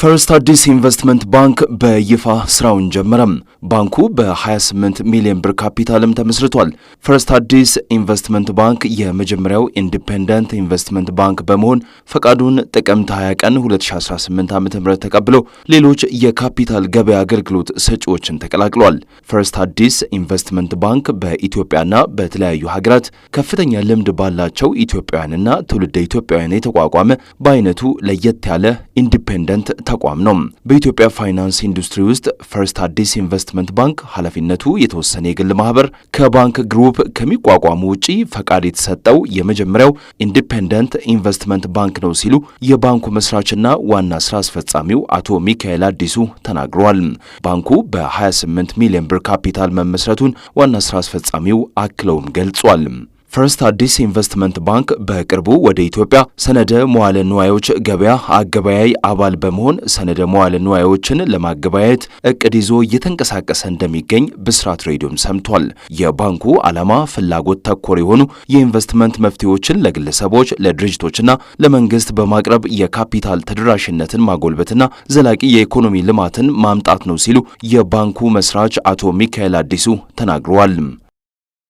ፈርስት አዲስ ኢንቨስትመንት ባንክ በይፋ ስራውን ጀመረም። ባንኩ በ28 ሚሊዮን ብር ካፒታልም ተመስርቷል። ፈርስት አዲስ ኢንቨስትመንት ባንክ የመጀመሪያው ኢንዲፔንደንት ኢንቨስትመንት ባንክ በመሆን ፈቃዱን ጥቅምት 20 ቀን 2018 ዓ ም ተቀብሎ ሌሎች የካፒታል ገበያ አገልግሎት ሰጪዎችን ተቀላቅሏል። ፈርስት አዲስ ኢንቨስትመንት ባንክ በኢትዮጵያና በተለያዩ ሀገራት ከፍተኛ ልምድ ባላቸው ኢትዮጵያውያንና ትውልደ ኢትዮጵያውያን የተቋቋመ በአይነቱ ለየት ያለ ኢንዲፔንደንት ተቋም ነው። በኢትዮጵያ ፋይናንስ ኢንዱስትሪ ውስጥ ፈርስት አዲስ ኢንቨስት ኢንቨስትመንት ባንክ ኃላፊነቱ የተወሰነ የግል ማህበር ከባንክ ግሩፕ ከሚቋቋሙ ውጪ ፈቃድ የተሰጠው የመጀመሪያው ኢንዲፔንደንት ኢንቨስትመንት ባንክ ነው ሲሉ የባንኩ መስራችና ዋና ስራ አስፈጻሚው አቶ ሚካኤል አዲሱ ተናግረዋል። ባንኩ በ28 ሚሊዮን ብር ካፒታል መመስረቱን ዋና ስራ አስፈጻሚው አክለውም ገልጿል። ፈርስት አዲስ ኢንቨስትመንት ባንክ በቅርቡ ወደ ኢትዮጵያ ሰነደ መዋለ ንዋዮች ገበያ አገበያይ አባል በመሆን ሰነደ መዋለ ንዋዮችን ለማገበያየት እቅድ ይዞ እየተንቀሳቀሰ እንደሚገኝ ብስራት ሬዲዮም ሰምቷል። የባንኩ ዓላማ ፍላጎት ተኮር የሆኑ የኢንቨስትመንት መፍትሄዎችን ለግለሰቦች፣ ለድርጅቶችና ለመንግስት በማቅረብ የካፒታል ተደራሽነትን ማጎልበትና ዘላቂ የኢኮኖሚ ልማትን ማምጣት ነው ሲሉ የባንኩ መስራች አቶ ሚካኤል አዲሱ ተናግረዋል።